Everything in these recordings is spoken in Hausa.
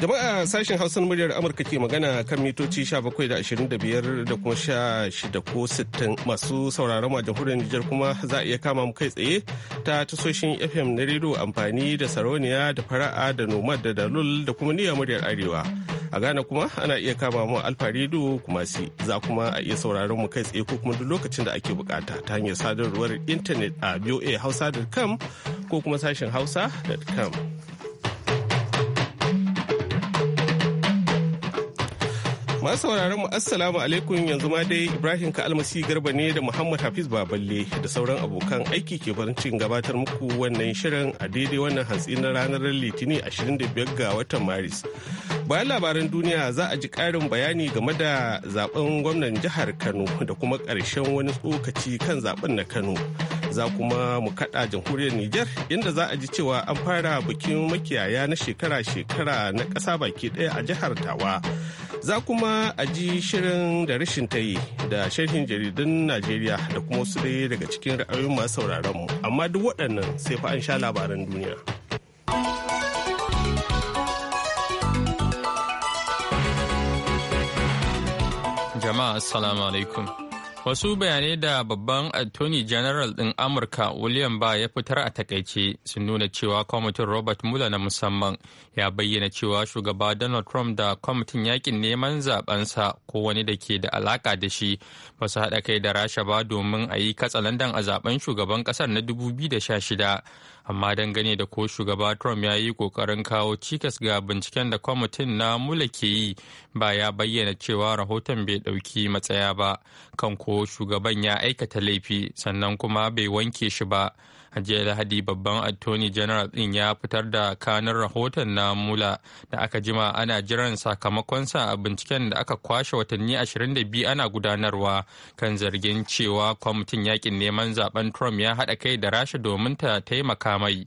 Jama'a sashen Hausan muryar Amurka ke magana kan mitoci 17.25 da da kuma 16 ko 60 masu sauraron wajen jamhuriyar Nijar kuma za a iya kama mu kai tsaye ta tasoshin FM na rediyo amfani da sarauniya da fara'a da nomad da dalul da kuma niyyar muryar Arewa. A Ghana kuma ana iya kama mu alfa rediyo kuma si za kuma a iya sauraron mu kai tsaye ko kuma duk lokacin da ake bukata ta hanyar sadarwar intanet a voahausa.com ko kuma sashen hausa.com. Masu sauraron mu assalamu alaikum yanzu ma dai Ibrahim ka almasi garba ne da Muhammad Hafiz Baballe da sauran abokan aiki ke barin cin gabatar muku wannan shirin a daidai wannan hantsi na ranar Litinin 25 ga watan Maris. Bayan labaran duniya za a ji karin bayani game da zaben gwamnan jihar Kano da kuma karshen wani tsokaci kan zaben na Kano. Za kuma mu kaɗa jamhuriyar Nijar inda za a ji cewa an fara bikin makiyaya na shekara-shekara na ƙasa baki ɗaya a jihar Tawa. Za kuma a ji shirin da rashin ta yi da sharhin jaridun Najeriya da kuma wasu dai daga cikin ra'ayoyin masu sauraron mu. Amma duk waɗannan sai fa an sha labaran duniya. Jama'a assalamu alaikum. Wasu bayanai da babban Attorney General ɗin Amurka William Barr ya fitar a takaice sun nuna cewa kwamitin Robert Mueller na musamman ya bayyana cewa shugaba Donald Trump da kwamitin yakin neman zabensa ko wani da ke da alaka da shi ba su haɗa kai da Rasha ba domin a yi katsalandan a zaben shugaban ƙasar na 2016. amma dangane da ko shugaba trump ya yi kokarin kawo cikas ga binciken da kwamitin na mula ke yi ba ya bayyana cewa rahoton bai ɗauki matsaya ba kan ko shugaban ya aikata laifi sannan kuma bai wanke shi ba a jiya lahadi babban attorney general din ya fitar da kanin rahoton na mula da aka jima ana jiran sakamakonsa a binciken da aka kwashe watanni 22 ana gudanarwa kan zargin cewa kwamitin yakin neman zaben trump ya haɗa kai da rasha domin ta taimaka mai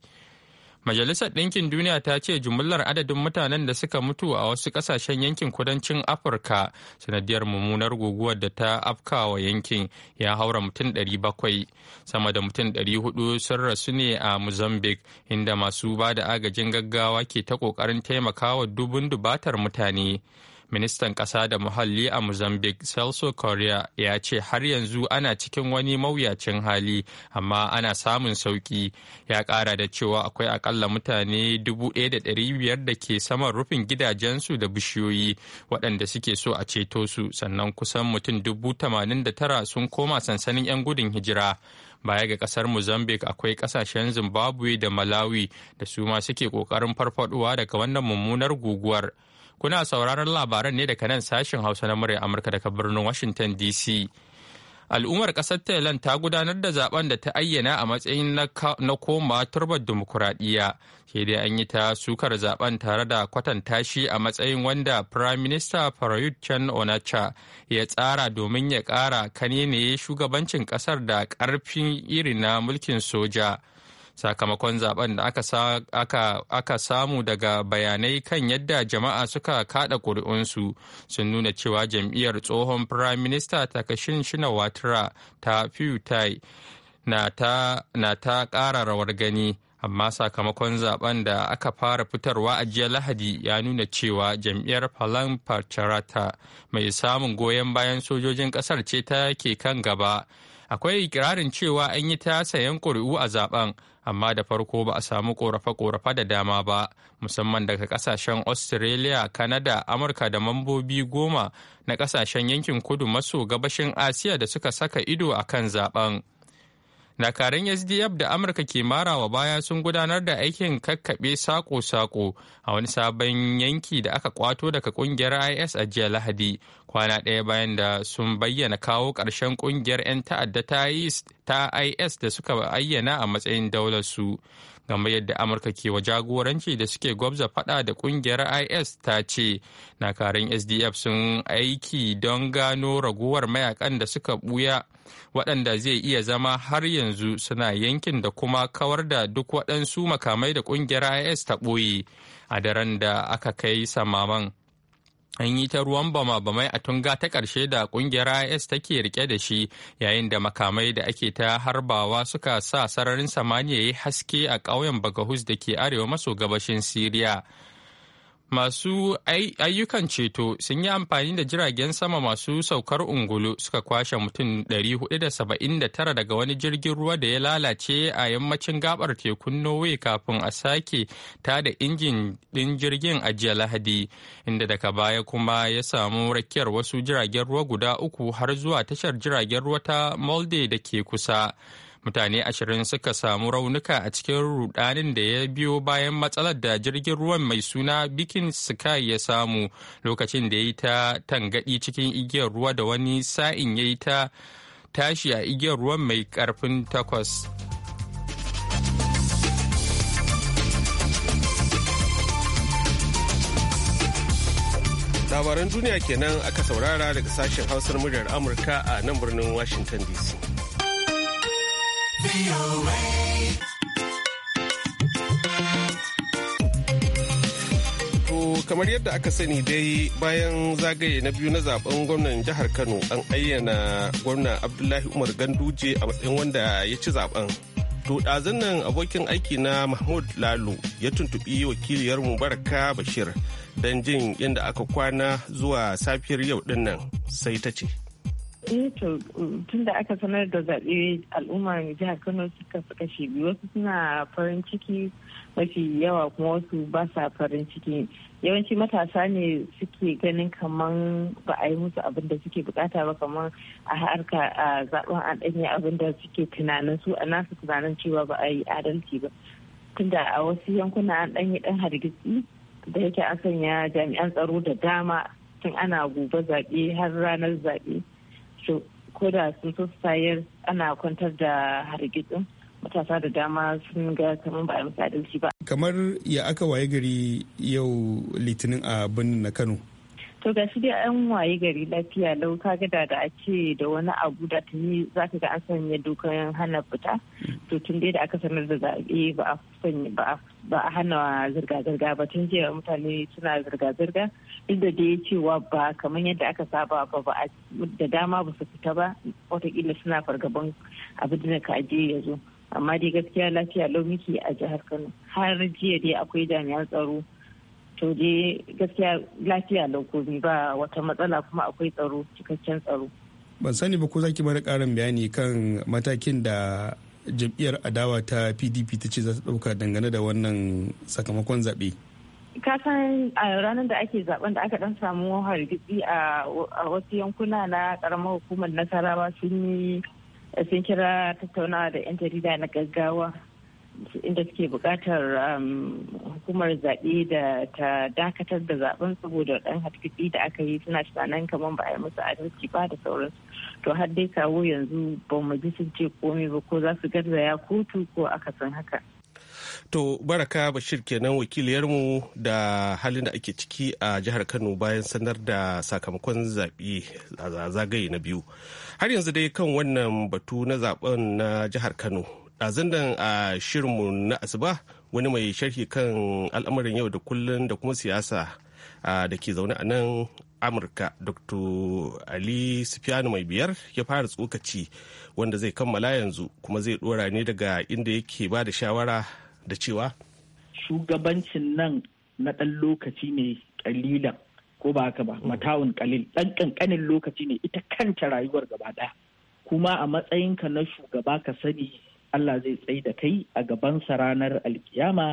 Majalisar Ɗinkin Duniya ta ce jumlar adadin mutanen da suka mutu a wasu ƙasashen yankin kudancin Afirka sanadiyar mummunar guguwar da ta afkawa yankin ya haura mutum 700. Sama da mutum 400 sun rasu ne a Mozambique inda masu ba da agajin gaggawa ke ta ƙoƙarin taimakawa dubun dubatar mutane. ministan ƙasa da muhalli a mozambique celso Correa ya ce har yanzu ana cikin wani mawuyacin hali amma ana samun sauƙi ya ƙara da cewa akwai akalla mutane 1,500 da ke saman rufin gidajensu da bishiyoyi waɗanda suke so a ceto su sannan kusan mutum 89 sun koma sansanin 'yan gudun hijira baya ga kasar mozambique akwai kasashen zimbabwe da malawi da su ma suke ƙoƙarin farfaduwa daga wannan mummunar guguwar Kuna sauraron labaran ne daga nan sashen Hausa na murya Amurka daga birnin Washington DC. Al'ummar ƙasar Thailand ta gudanar da zaben da ta ayyana a matsayin na koma turbar dimokuraɗiyya. Ke dai an yi ta sukar zaben tare da kwatanta shi a matsayin wanda Prime Minister Prayut Chan Onacha ya tsara domin ya ƙara kane ne shugabancin ƙasar da ƙarfin iri na mulkin soja. sakamakon zaben da aka, samu daga bayanai kan yadda jama'a suka kada ƙuri'unsu sun nuna cewa jam'iyyar tsohon firayim minista takashin shina watara ta fiutai na ta ƙara rawar gani amma sakamakon zaben da aka fara fitarwa a jiya lahadi ya nuna cewa jam'iyyar falan mai samun goyon bayan sojojin kasar ce ta ke kan gaba akwai ikirarin cewa an yi ta sayan ƙuri'u a zaben amma da farko ba a samu korafe-korafe da dama ba musamman daga kasashen australia canada amurka da mambobi goma na kasashen yankin kudu maso gabashin asiya da suka saka ido a kan zaben dakarun sdf da amurka ke marawa baya sun gudanar da aikin kakkaɓe sako-sako a wani sabon yanki da aka kwato daga ƙungiyar is a jiya lahadi kwana ɗaya bayan da sun bayyana kawo ƙarshen ƙungiyar 'yan ta'adda ta is da suka ayyana a matsayin daular su game yadda amurka ke wa jagoranci da suke gwabza fada da kungiyar is ta ce nakarun sdf sun aiki don gano raguwar mayakan da suka buya waɗanda zai iya zama har yanzu suna yankin da kuma kawar da duk waɗansu makamai da ƙungiyar is ta ɓoye a daren da aka kai samaman an yi ta ruwan bama-bamai a tunga ta ƙarshe da ƙungiyar is take rike da shi yayin da makamai da ake ta harbawa suka sa sararin samaniya ya yi haske a ƙauyen bagahus da ke arewa maso gabashin siriya masu ayyukan ceto sun yi amfani da jiragen sama masu saukar ungulu suka kwashe mutum 479 daga wani jirgin ruwa da ya lalace a yammacin gabar tekun norway kafin a sake ta da injin ɗin jirgin a jiya lahadi inda daga baya kuma ya samu rakiyar wasu jiragen ruwa guda uku har zuwa tashar jiragen ruwa ta molde da ke kusa mutane ashirin suka samu raunuka a cikin rudanin da ya biyo bayan matsalar da jirgin ruwan mai suna bikin sky ya samu lokacin da ya yi ta tangadi cikin igiyar ruwa da wani sa'in ya yi ta tashi a igiyar ruwan mai karfin takwas labaran duniya kenan aka saurara daga sashen hausar muryar amurka a nan birnin washington dc kamar yadda aka sani dai bayan zagaye na biyu na zaben gwamnan jihar kano an ayyana gwamnan abdullahi umar ganduje a matsayin wanda ya ci zaben to ɗazun nan abokin aiki na mahmud lalu ya tuntuɓi wakiliyar mubaraka bashir don jin yadda aka kwana zuwa safiyar yau ɗin sai ta ce Eh, to mm, tun aka sanar da zaɓe al'ummar jihar kano suka fi kashe biyu wasu suna farin ciki mafi yawa kuma wasu ba sa farin ciki yawanci matasa ne suke ganin kamar ba a yi musu abin da suke bukata ba kamar a harka a zaɓen an ɗanye abin da suke tunanin su a nasu tunanin cewa ba a yi adalci ba tunda a wasu yankuna an ɗanyi ɗan hargitsi da yake an sanya jami'an tsaro da dama tun ana gobe zaɓe har ranar zaɓe ko da sun so su sayar ana kwantar da hargitsin matasa da dama sun ga kamar ba a yi ba. Kamar ya aka waye gari yau litinin a birnin na Kano. to ga shi dai an waye gari lafiya lau ka gada da a ce da wani abu da tuni za ka ga an sanya dokan hana fita to tun dai da aka sanar da zaɓe ba a sanya ba a hana zirga-zirga ba tun jiya mutane suna zirga-zirga duk da dai cewa ba kamar yadda aka saba ba ba da dama ba su fita ba watakila suna fargaban abin da ka ajiye ya zo amma dai gaskiya lafiya lau miki a jihar kano har jiya dai akwai jami'an tsaro to gaskiya lafiya da gobe ba wata matsala kuma akwai tsaro cikakken tsaro ban sani ba ko zaki mana karin bayani kan matakin da jam'iyyar adawa ta pdp ta ce za ta ɗauka dangane da wannan sakamakon zaɓe kasan a ranar da ake zaben da aka dan samu hargitsi a wasu yankuna na karamar hukumar nasarawa sun yi sun kira tattaunawa da 'yan jarida na gaggawa inda suke bukatar um, hukumar zaɓe da ta dakatar da zaɓen saboda ɗan hatkiɗi da aka yi suna tunanin kamar ba a yi musu adalci ba da sauransu to har dai kawo yanzu ba mu ji sun ce komai ba ko za su garzaya kotu ko aka san haka to baraka bashir kenan wakiliyarmu da halin da ake ciki a jihar kano bayan sanar da sakamakon zaɓe a zagaye na biyu har yanzu dai kan wannan batu na zaben na jihar kano ɗazun a shirinmu na asuba wani mai sharhi kan al'amarin yau da kullun da kuma siyasa da ke zaune a nan amurka dr ali sufiyanu mai biyar ya fara tsokaci wanda zai kammala yanzu kuma zai dora ne daga inda yake ba da shawara da cewa shugabancin nan na ɗan lokaci ne ƙalilan ko ba haka ba matawun ƙalil ɗan ƙanƙanin lokaci ne ita kanta rayuwar gaba ɗaya kuma a matsayinka na shugaba ka sani Allah zai tsai da kai a gabansa ranar alkiyama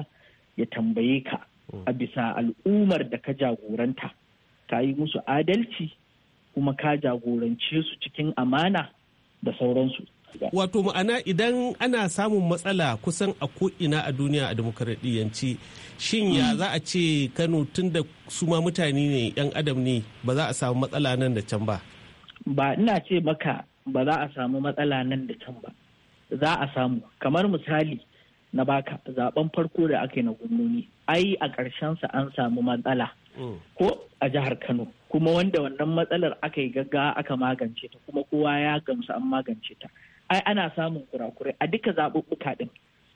ya tambaye ka hmm. a bisa al'ummar da ka jagoranta ka yi musu adalci kuma ka jagorance su cikin amana da sauransu. Wato ma'ana idan ana samun matsala kusan a ko'ina a duniya a demokaradiyyanci shin ya hmm. za a ce Kano tun da su mutane ne 'yan adam ne ba za a samu matsala nan da can ba? Ba ina ce maka ba za a samu matsala nan da can ba. za a samu kamar misali na baka zaben farko da aka na gwamnoni ai a sa an samu matsala mm. ko a jihar kano kuma wanda wannan matsalar aka yi gaggawa aka magance ta kuma kowa ya gamsu an magance ta ai ana samun kurakurai a duka zaɓuɓɓuka ɗin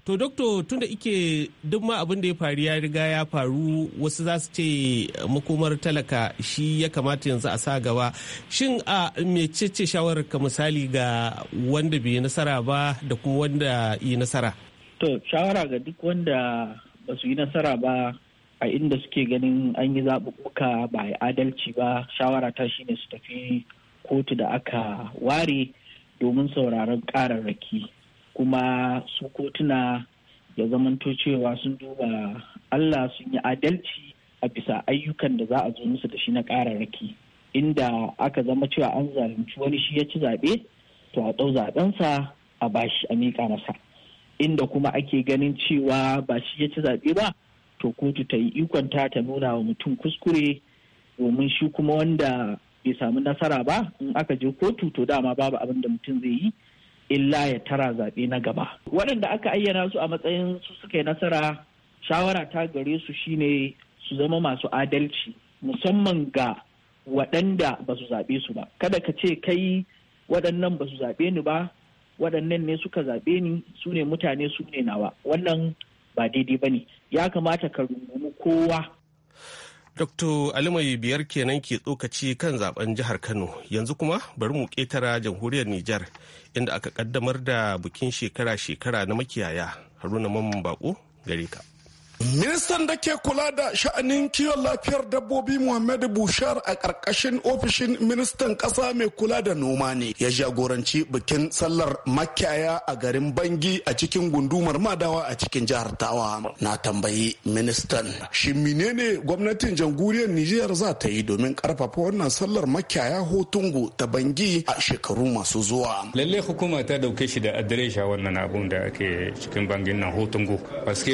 To doktor tunda ike duk ma abin da ya faru ya riga ya faru wasu za su ce eh, makomar talaka shi ya kamata yanzu a sa gaba. Shin a mecece shawararka misali ga wanda bai nasara ba da kuma wanda yi nasara? To shawara ga duk wanda ba su yi nasara ba a inda suke ganin an yi zaɓuɓɓuka ba a adalci ba shawara ta shine su tafi kotu da aka ware domin sauraron ƙararraki. kuma su kotuna ya zamanto cewa sun duba Allah sun yi adalci a bisa ayyukan da za a zo musu da shi na ƙararraki inda aka zama cewa an zalunci wani shi ya ci zaɓe to a ɗau zaɓensa a bashi a miƙa masa inda kuma ake ganin cewa ba shi ya ci zaɓe ba to kotu ta yi ta ta nuna wa mutum kuskure domin shi kuma wanda bai samu nasara ba in aka je kotu to dama babu abin da mutum zai yi illa ya tara zaɓe na gaba waɗanda aka ayyana su a matsayin su suka yi nasara shawara ta gare su shine su zama masu adalci musamman ga waɗanda ba su zaɓe su ba kada ka ce kai waɗannan ba su zaɓe ni ba waɗannan ne suka zaɓe ni su ne mutane su ne nawa wannan ba daidai ba ne ya kamata ka rungumi kowa Dr. Alimai biyar kenan ke tsokaci kan zaben jihar Kano yanzu kuma bari mu ƙetara jamhuriyar Nijar inda aka kaddamar da bikin shekara-shekara na makiyaya Haruna Mamman baƙo gare ka. Ministan da ke kula da sha'anin kiwon lafiyar dabbobi Muhammadu Bushar a ƙarƙashin ofishin ministan ƙasa mai kula da noma ne ya jagoranci bikin sallar makiyaya a garin Bangi a cikin gundumar Madawa a cikin jihar Tawa. Na tambayi ministan shi menene gwamnatin jamhuriyar Nijiyar za ta yi domin ƙarfafa wannan sallar makiyaya Hotungu ta Bangi a shekaru masu zuwa. Lalle hukuma ta dauke shi da adiresha wannan abun da ake cikin Bangin nan Hotungu.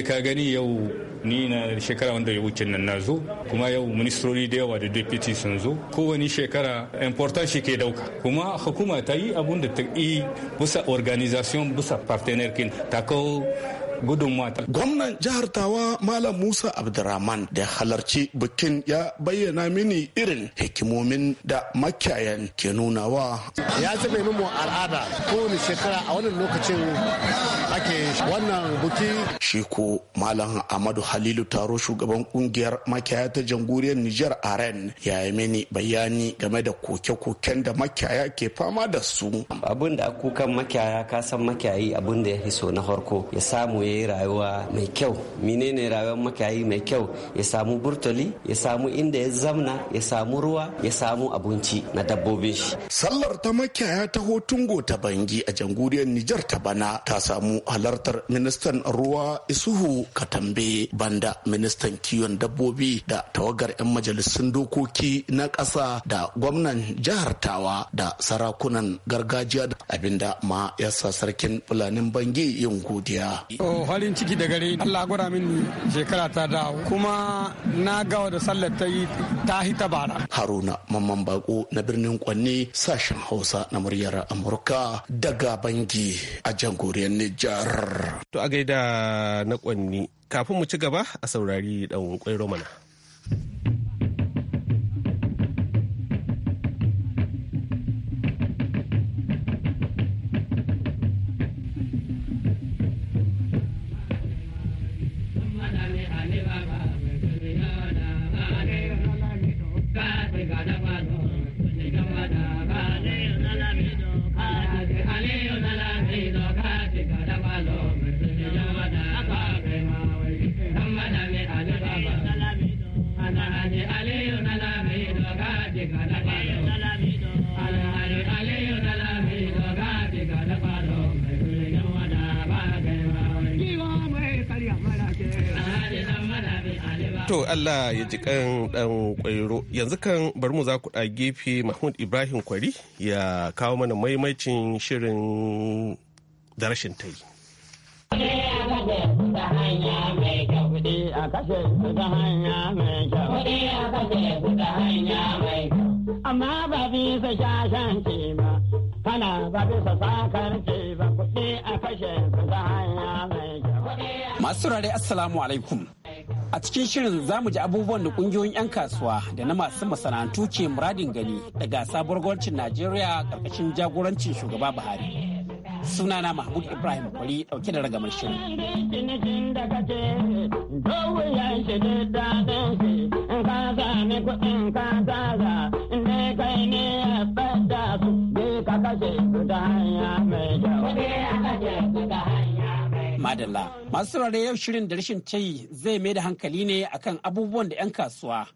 ka gani yau ni na shekara wanda ya wuce nan na zo kuma yau ministrori da yawa da deputy sun zo kowane shekara important shi ke dauka kuma hukuma ta yi abun da ta yi bisa organization bisa partner ta kawo gudunmuwa ta. Gwamnan jihar Tawa Malam Musa Abdurrahman da halarci bikin ya bayyana mini irin hikimomin da makiyayan ke nunawa. Ya zama mu al'ada kowane shekara a wannan lokacin ake wannan buki. Shi ko Malam Amadu Halilu Taro shugaban kungiyar makiyaya ta jamhuriyar Nijar Aren ya yi mini bayani game da koke-koken da makiyaya ke fama da su. Abin da kukan makiyaya ka makiyayi abin da ya fi so na farko ya samu yi rayuwa mai kyau menene rayuwar makayi mai kyau ya samu burtali ya samu inda ya zamna ya samu ruwa ya samu abinci na dabbobin shi sallar ta makiyaya ta hotungo ta bangi a jamhuriyar Nijar ta bana ta samu halartar ministan ruwa Isuhu Katambe banda ministan kiwon dabbobi da tawagar 'yan majalisun dokoki na ƙasa da gwamnan jihar Tawa da sarakunan gargajiya abinda ma yasa sarkin fulanin bangi yin godiya. to farin ciki da gare ni Allah gwada mini shekara ta dawo kuma na gawa da sallar ta yi ta hita bara Haruna Mamman Bako na birnin Kwanne sashen Hausa na muryar Amurka daga Bangi a jamhuriyar Nijar to a gaida na Kwanne kafin mu ci gaba a saurari dan kwai romana To Allah ya ji kan dan kwairo. Yanzu kan bari mu za ku da gefe Mahmud Ibrahim Kwari ya kawo mana maimacin shirin da rashin ta yi. Amma ba bisa shashan ba, kana ba ba kuɗi a kashe su ta Masu rare Assalamu alaikum. A cikin shirin za mu ji abubuwan da kungiyoyin 'yan kasuwa da na masu masana'antu ke muradin gani daga sabuwar gwamnatin Najeriya karkashin jagorancin shugaba Buhari. Sunana Mahmud Ibrahim Kwari dauke da ragamar shirin. ka su Madalla. Masu saurare yau shirin da rashin tayi zai mai da hankali ne akan abubuwan da 'yan kasuwa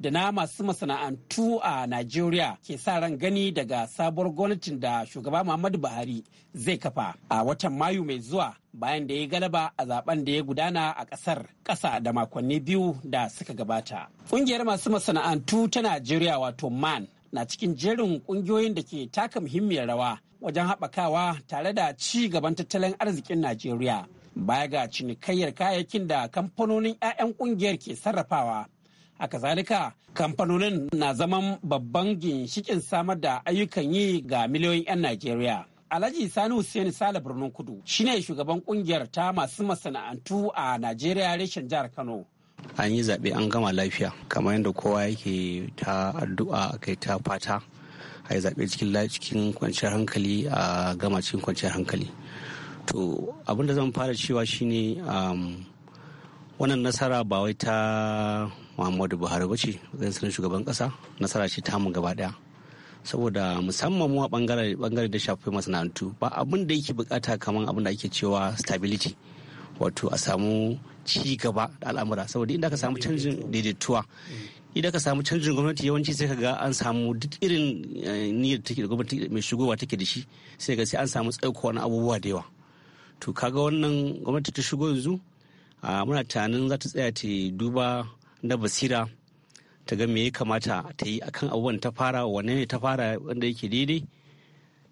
da na masu masana'antu a Najeriya ke sa ran gani daga sabuwar gwamnatin da shugaba Muhammadu Buhari zai kafa a watan Mayu mai zuwa bayan da ya galaba a zaben da ya gudana a ƙasar ƙasa da makonni biyu da suka gabata. Ƙungiyar masu masana'antu ta Najeriya wato MAN na cikin jerin ƙungiyoyin da ke taka muhimmiyar rawa wajen haɓakawa tare da ci gaban tattalin arzikin Najeriya. Baya ga cinikayyar kayayyakin da kamfanonin 'ya'yan ƙungiyar ke sarrafawa. A kazalika, kamfanonin na zaman babban ginshikin samar da ayyukan yi ga miliyoyin 'yan Najeriya. Alhaji Sani Hussein Sale Birnin Kudu shine shugaban kungiyar ta masu masana'antu a Najeriya reshen jihar Kano. An yi zaɓe an gama lafiya kamar yadda kowa yake ta addu'a kai ta fata a yi zaɓe cikin kwanciyar hankali a gama cikin kwanciyar hankali to abin da zan fara cewa shine um, wannan nasara ba wai ta muhammadu buhari ba ce zan shugaban ƙasa nasara ce ta mu gaba ɗaya saboda musamman mu a bangare da shafi masana'antu ba abin da yake bukata kamar abin da ake cewa stability wato a samu ci gaba da al'amura saboda inda aka samu canjin daidaituwa idan ka samu canjin gwamnati yawanci sai ka ga an samu duk irin eh, niyyar take da gwamnati mai shigowa take da shi sai ga sai an samu tsaiko na abubuwa da yawa to kaga wannan gwamnati ta shigo yanzu muna tunanin za ta tsaya ta duba na basira ta ga me ya kamata ta yi akan abubuwan ta fara wane ne ta fara wanda yake daidai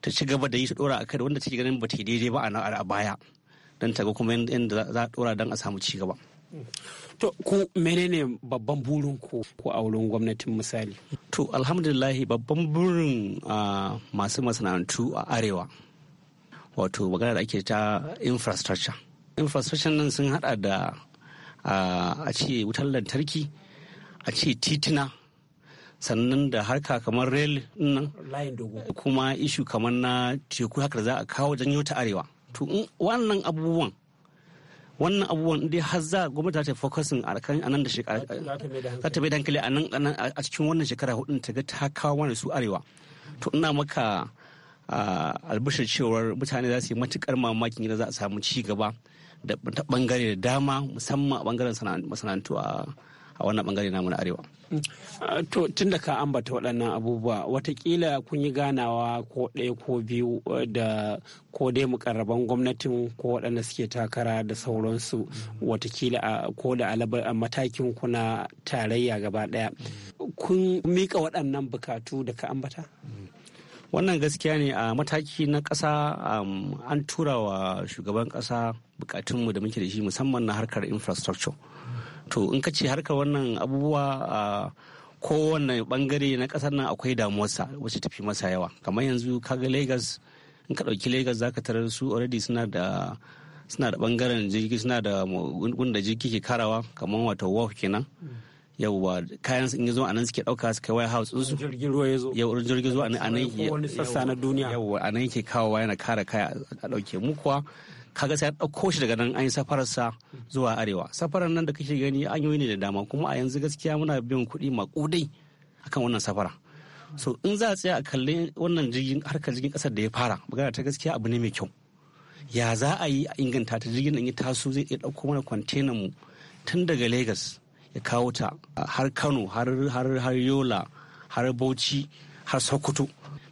ta ci gaba da yi ta dora akan wanda take ganin ba ta daidai ba a baya don ta ga kuma inda za a dora don a samu ci gaba. To ku menene babban burin ku ko a wurin gwamnatin misali? To alhamdulillahi babban burin masu masana'antu a arewa wato magana da ake ta infrastructure. Infrastructure nan sun hada da a ce wutar lantarki a ce titina sannan da harka kamar rail nan kuma ishu kamar na teku haka za a kawo janyo ta arewa. to wannan abubuwan wannan abubuwan dai har za gwamnati ta focusing a kan da shekara ta bai dankali a nan a cikin wannan shekara hudu ta ga ta kawo wani su arewa to ina maka albishir cewar mutane za su yi matukar mamakin gida za a samu ci gaba da ta bangare da dama musamman a bangaren masana'antu a a wannan bangare namu na arewa mm. to tun da ka ambata waɗannan abubuwa watakila kun yi ganawa ko ɗaya ko biyu eh, da ko dai mukarraban gwamnatin ko waɗanda suke takara da sauransu watakila ko da matakin kuna tarayya gaba ɗaya kun mika waɗannan bukatu da ka ambata wannan gaskiya ne a mataki na ƙasa an tura wa shugaban ƙasa bukatunmu da muke da shi musamman na harkar infrastructure to in ka ce harka wannan abubuwa a kowane bangare na kasar nan akwai damuwarsa wacce tafi masa yawa kamar yanzu kaga lagos in ka ɗauki lagos ka tarar su already suna da suna da bangaren jirgi suna da wanda jirgi ke karawa kamar wato wharf kenan ba kayan in zo a nan suke dauka suka kai white house su jirgin ruwa yazo yau jirgin ruwa a nan yake wani sassa na duniya kawowa yana kara kaya a dauke mu kuwa kaga sai ɗauko shi daga nan an yi sa zuwa arewa safarar nan da kake gani an yi ne da dama kuma a yanzu gaskiya muna biyan kuɗi maƙudai akan wannan safara so in za a tsaya a kalli wannan jirgin harkar jirgin ƙasar da ya fara magana ta gaskiya abu ne mai kyau ya za a yi a inganta ta jirgin nan ya taso zai iya ɗauko mana kwantenan mu tun daga lagos ya kawo ta har kano har yola har bauchi har sokoto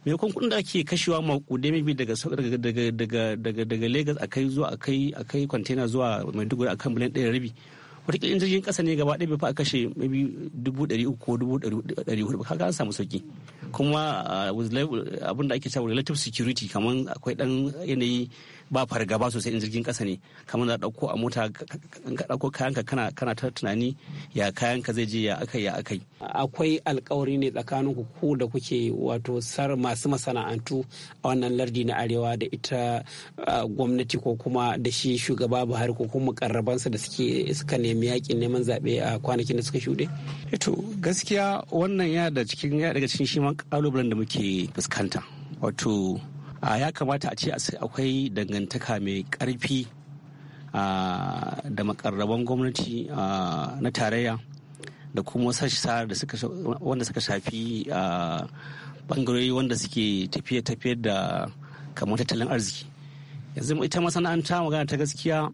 maimakon kuɗin da ake kashewa maƙudai maybe daga daga daga daga daga Lagos akai zuwa akai akai container zuwa Maiduguri akan miliyan ɗaya rabi wataƙila in jirgin ƙasa ne gaba ɗaya bai fa a kashe maybe dubu ɗari uku ko dubu ɗari hudu kaga an samu sauki kuma ah, abin da ake cewa relative security kamar akwai ɗan yanayi ba fargaba sosai in jirgin kasa ne kamar da dauko a mota ka dauko kayanka kana kana ta tunani ya kayanka zai je ya akai ya akai akwai alkawari ne tsakanin ku ko da kuke wato sar masu masana'antu a wannan lardi na arewa da ita gwamnati ko kuma da shi shugaba Buhari ko kuma karrabansa da suke suka nemi yakin neman zabe a kwanakin da suka shuɗe eh to gaskiya wannan ya da cikin ya daga cikin shi man kalubalen da muke fuskanta wato ya kamata a ce akwai dangantaka mai karfi da makarraban gwamnati na tarayya da kuma sassa wanda suka shafi bangarori wanda suke tafiye-tafiye da kamar tattalin arziki yanzu ita masana'anta magana ta gaskiya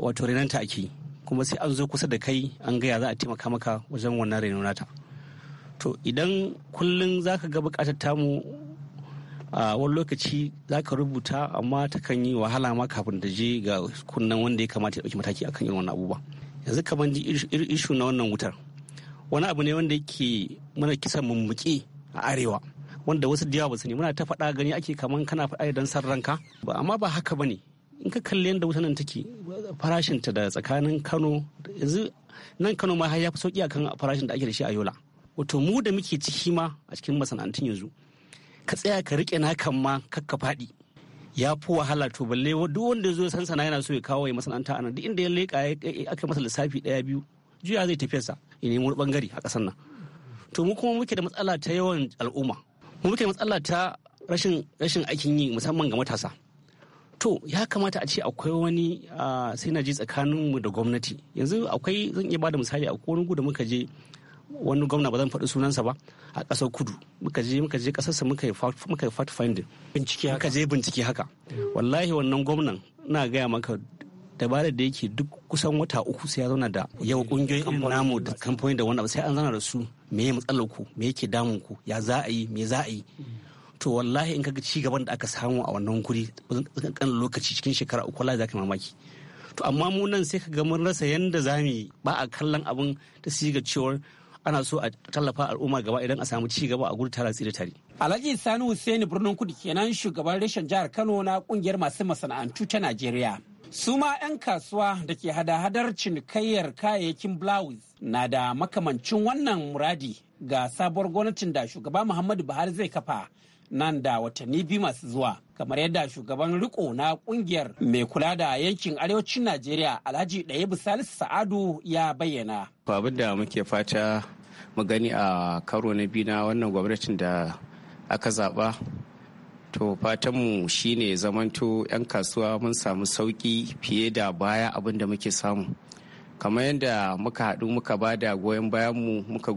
wato renanta ake kuma sai an zo kusa da kai an gaya za a taimaka maka wajen wannan reno nata to idan kullum za ka ga bukatar tamu a wani lokaci za ka rubuta amma ta kan yi wahala ma kafin ta je ga kunnen wanda ya kamata ya ɗauki mataki akan irin wannan abubuwa yanzu kamar ishu na wannan wutar wani abu ne wanda yake mana kisan mummuki a arewa wanda wasu da yawa ba su ne muna ta faɗa gani ake kaman kana faɗa don san ranka ba amma ba haka ba ne in ka kalli yadda wutar nan take farashinta da tsakanin kano yanzu nan kano ma har ya fi sauki akan farashin da ake da shi a yola wato mu da muke ciki ma a cikin masana'antun yanzu ka tsaya ka rike kan ma kakka faɗi ya fi wahala to balle duk wanda zo san sana yana so ya kawo ya masana'anta anan duk inda ya leka eh, aka masa lissafi ɗaya biyu juya zai tafiyar sa ya nemi wani bangare a ƙasar nan to mu kuma muke da matsala ta yawan al'umma mu muke da matsala ta rashin rashin aikin yi musamman ga matasa to ya kamata a ce akwai wani sai na mu tsakaninmu da gwamnati yanzu akwai zan iya bada misali a wani da muka je wani gwamna ba zan faɗi sunansa ba a ƙasar kudu muka je muka je ƙasarsa muka yi fact finding bincike haka je bincike haka wallahi wannan gwamnan ina gaya maka dabara da yake duk kusan wata uku sai ya zauna da yau kungiyoyin namu da kamfani da wannan sai an zauna da su me ya matsalar ku me yake damun ku ya za a yi me za a yi mm. to wallahi in kaga ci gaban da aka samu a wannan guri kan lokaci cikin shekara uku wallahi zaka mamaki to amma mu nan sai ka ga mun rasa yanda zamu yi ba a kallon abin ta siga cewar ana so a tallafa al'umma gaba idan a samu ci gaba a gudu tara tsire tare. Alhaji Sani Hussaini birnin kudu kenan shugaban reshen jihar Kano na kungiyar masu masana'antu ta Najeriya. Su ma 'yan kasuwa da ke hada-hadar cinikayyar kayayyakin blouse na da makamancin wannan muradi ga sabuwar gwamnatin da shugaba Muhammadu Buhari zai kafa nan da watanni biyu masu zuwa kamar yadda shugaban riko na kungiyar mai kula da yankin arewacin najeriya alhaji daya salisu sa'adu ya bayyana abin da muke fata mu gani a karo na biyu na wannan gwamnatin da aka zaɓa to fatanmu shine zamanto 'yan kasuwa mun samu sauki fiye da baya abin da muke samu kamar yadda muka haɗu muka ba da goyon bayanmu muka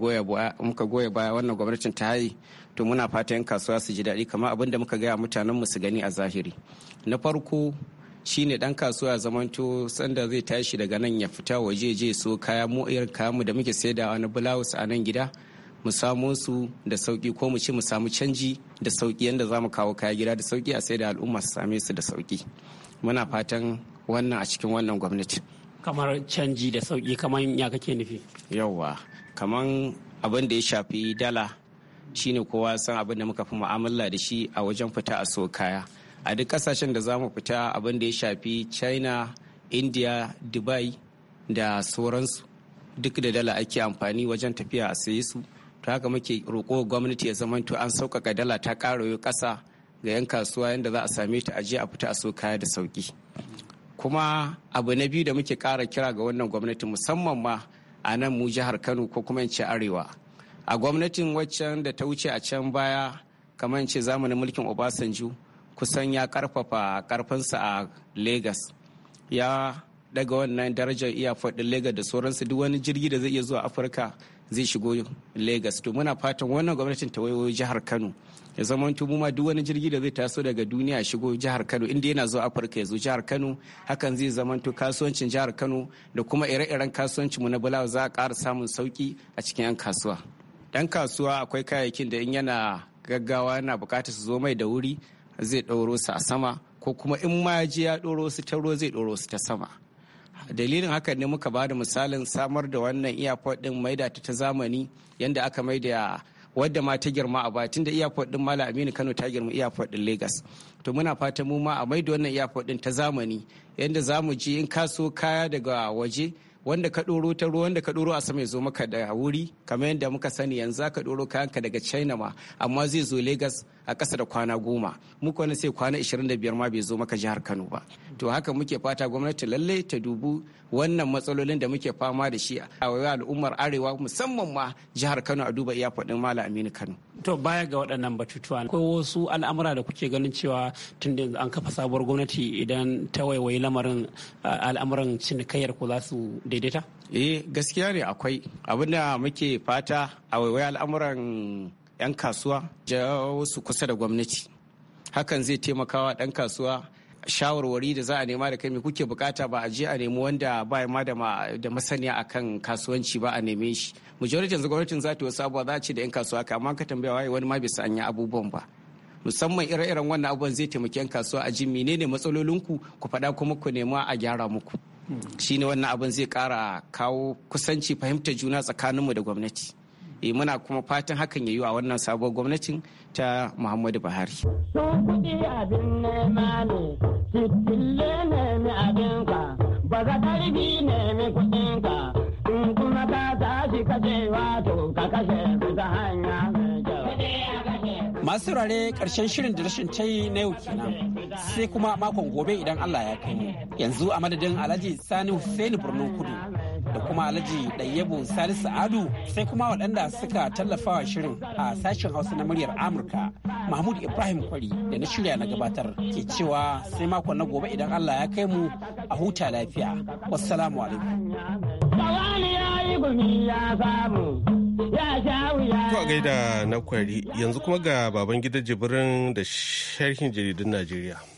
goya baya wannan gwamnatin ta yi to muna fatan kasuwa su ji daɗi kamar abin da muka gaya mutanen mu su gani a zahiri na farko shine dan kasuwa ya zamanto sanda zai tashi daga nan ya fita waje je so kaya mu irin kaya mu da muke saidawa na bulawus a nan gida mu samu su da sauki ko mu ce mu samu canji da sauki yanda za mu kawo kaya gida da sauki a sai da al'umma su same su da sauki muna fatan wannan a cikin wannan gwamnati kamar canji da sauki kamar ya kake nufi yauwa kamar abin da ya shafi dala shine kowa san abin da muka fi mu'amala da shi a wajen fita a so kaya a duk kasashen da za mu fita abin da ya shafi china india dubai da sauransu duk da dala ake amfani wajen tafiya a saye su to haka muke roƙo gwamnati ya zamanta an sauƙaƙa dala ta ƙara yau ƙasa ga 'yan kasuwa yadda za a same ta aje a fita a so kaya da sauƙi kuma abu na biyu da muke ƙara kira ga wannan gwamnati musamman ma a nan mu jihar kano ko kuma in arewa a gwamnatin waccan da ta wuce a can baya kamar ce zamanin mulkin obasanjo kusan ya karfafa karfinsa a Legas ya daga wannan darajar iya faɗin lagos da sauransu duk wani jirgi da zai iya zuwa afirka zai shigo lagos to muna fatan wannan gwamnatin ta wayo jihar kano ya zama mu ma duk wani jirgi da zai taso daga duniya shigo jihar kano inda yana zuwa afirka ya zo jihar kano hakan zai zama to kasuwancin jihar kano da kuma ire-iren kasuwancinmu na bulawa za a kara samun sauki a cikin 'yan kasuwa ɗan kasuwa akwai kayayyakin da in yana gaggawa yana bukatar su zo mai da wuri zai ɗauro su a sama ko kuma in ma ji ya ɗoro su ta ruwa zai ɗoro su ta sama dalilin haka ne muka ba da misalin samar da wannan airport din maida ta zamani yadda aka maida wadda ma ta girma a batun da airport ɗin malam aminu kano ta girma airport ɗin lagos to muna fata mu ma a maida wannan airport ɗin ta zamani yadda za mu ji in kaso kaya daga waje wanda ka ɗoro ta ruwa wanda ka ɗoro a sama ya zo maka da wuri kamar yadda muka sani yanzu ka ɗoro kayanka daga china ma amma zai zo lagos a ƙasa da kwana goma muku wani sai kwana 25 ma bai zo maka jihar kano ba to haka muke fata gwamnati lallai ta dubu wannan matsalolin da muke fama da shi a wayo al'ummar arewa musamman ma jihar kano a duba iya faɗin mala aminu kano to baya ga waɗannan batutuwa ko wasu al'amura da kuke ganin cewa tun da an kafa sabuwar gwamnati idan ta waiwayi lamarin al'amuran cinikayyar ko za su daidaita eh gaskiya ne akwai abinda muke fata a waiwayi al'amuran 'yan kasuwa jawo su kusa da gwamnati hakan zai taimakawa ɗan kasuwa shawarwari da za a nema da kai me kuke bukata ba a je a nemi wanda ba ma da masaniya kan kasuwanci ba a neme shi majoritin gwamnatin za ta wasu abubuwa za a ce da 'yan kasuwa ka amma ka tambaya waye wani ma bai san abubuwan ba musamman ire-iren wannan abubuwan zai taimaki 'yan kasuwa a ji menene matsalolinku ku faɗa kuma ku nema a gyara muku hmm. shine wannan abin zai ƙara kawo kusanci fahimtar juna tsakaninmu da gwamnati. Eh, muna kuma fatan hakan ya yi a wannan sabuwar gwamnatin ta muhammadu buhari kuma ka kashe hanya Masu saurare karshen shirin da rashin ta yi na yau kenan sai kuma makon gobe idan Allah ya kai Yanzu a madadin Alhaji Sani hussaini Birnin Kudu kuma alhaji ɗayyabo salisu adu sai kuma waɗanda suka tallafawa shirin a sashen hausa na muryar amurka mahmud ibrahim kwari da na shirya na gabatar ke cewa sai makon na gobe idan allah ya kai mu a huta lafiya wassalamu alaikum To a gaida na kwari yanzu kuma ga baban gida jibirin da sharhin jaridun Najeriya.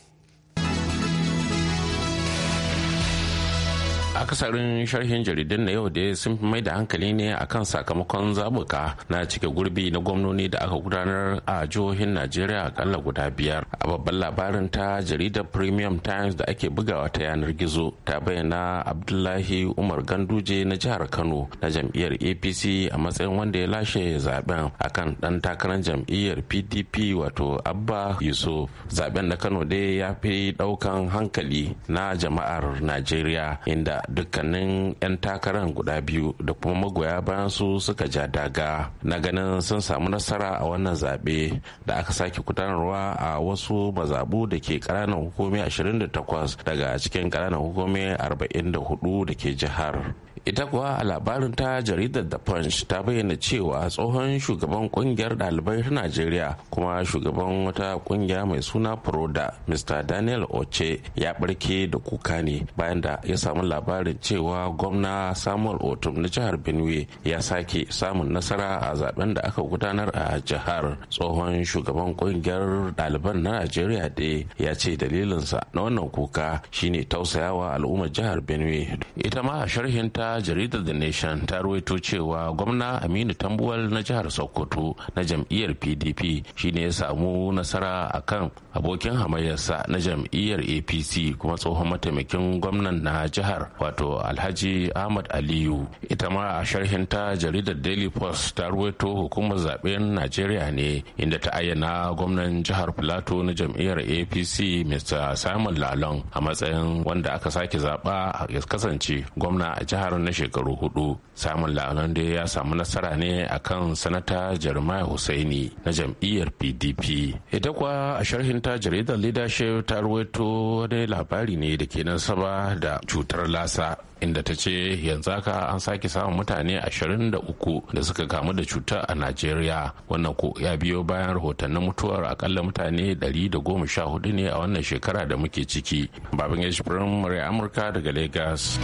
akasarin sharhin jaridan na yau da sun fi mai da hankali ne akan sakamakon zabuka na cike gurbi na gwamnoni da aka gudanar a jihohin najeriya akalla guda biyar a babban labarin ta jaridar premium times da ake bugawa ta yanar gizo ta bayyana abdullahi umar ganduje na jihar kano na jam'iyyar apc a matsayin wanda ya lashe zaben akan dan takarar jam'iyyar pdp wato abba yusuf zaben na kano dai ya fi daukan hankali na jama'ar najeriya inda dukkanin 'yan takarar guda biyu da kuma magoya bayan su suka ja daga na ganin sun samu nasara a wannan zaɓe da aka sake gudanarwa a wasu mazabu da ke ƙananan hukumi 28 daga cikin ƙananan hukumi 44 da ke jihar ita kuwa a labarin ta jaridar da punch ta bayyana cewa tsohon shugaban kungiyar dalibai ta najeriya kuma shugaban wata kungiya mai suna proda mr daniel oche ya barke da kuka ne bayan da ya samu labarin cewa gwamna samuel otum na jihar benue ya sake samun nasara a zaben da aka gudanar a jihar tsohon shugaban kungiyar ɗaliban na najeriya da ya ce dalilinsa na wannan kuka shine tausayawa al'ummar jihar benue ita ma a sharhinta kuma jaridar the nation ta ruwaito cewa gwamna aminu tambuwal na jihar sokoto na jam'iyyar pdp shine ya samu nasara a kan abokin hamayyarsa na jam'iyyar apc kuma tsohon mataimakin gwamnan na jihar wato alhaji ahmad aliyu ita ma a sharhin ta jaridar daily post ta ruwaito hukumar zaben najeriya ne inda ta ayyana gwamnan jihar plato na jam'iyyar apc mr simon lalong a matsayin wanda aka sake zaba ya kasance gwamna a jihar na shekaru hudu samun la'anan da ya samu nasara ne a kan sanata jeremiah hussaini na jam'iyyar pdp ita kuwa a sharhin ta jaridar leadership ta ruwaito wani labari ne da ke nan saba da cutar lasa inda ta ce yanzu haka an sake samun mutane 23 da suka kamu da cutar a najeriya wannan ko ya biyo bayan rahotannin mutuwar akalla mutane 114 ne a wannan shekara da muke ciki babin ya shifirin murai amurka daga lagos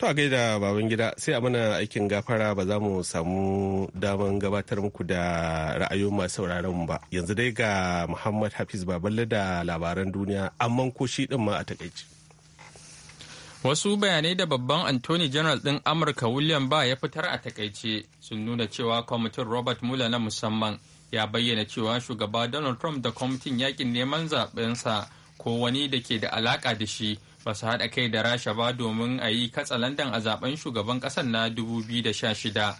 To a gaida baban gida sai a mana aikin gafara ba za mu samu daman gabatar muku da ra'ayoyin masu sauraron ba. Yanzu dai ga Muhammad Hafiz Baballe da labaran duniya amman ko shi din ma a takaici. Wasu bayanai da babban Anthony General ɗin Amurka William ba ya fitar a takaice sun nuna cewa kwamitin Robert Mueller na musamman ya bayyana cewa shugaba Donald Trump da kwamitin yakin neman zaɓensa ko wani da ke da alaka da shi basu su haɗa kai da rasha ba domin a yi katsalandan a zaben shugaban ƙasar na 2016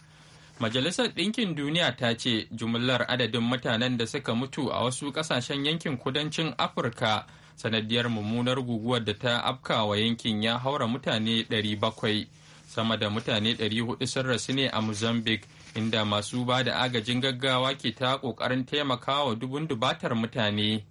majalisar ɗinkin duniya ta ce jumlar adadin mutanen da suka mutu a wasu ƙasashen yankin kudancin afirka sanadiyar mummunar guguwar da ta afka wa yankin ya haura mutane 700 sama da mutane 400 sun rasu ne a mozambique inda masu ba da agajin gaggawa ke ta ƙoƙarin taimakawa dubun dubatar mutane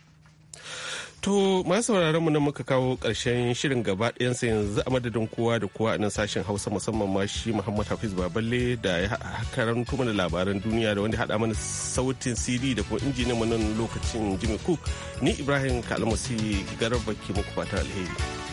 To masu sauraron mu nan muka kawo ƙarshen shirin gaba ɗayansa yanzu a madadin kowa da kowa a nan sashen Hausa musamman ma shi Muhammad Hafiz Baballe da ya karanto mana labaran duniya da wanda haɗa mana sautin CD da kuma injinin mu nan lokacin Jimmy Cook ni Ibrahim Kalmasi garabba ke muku fatan alheri.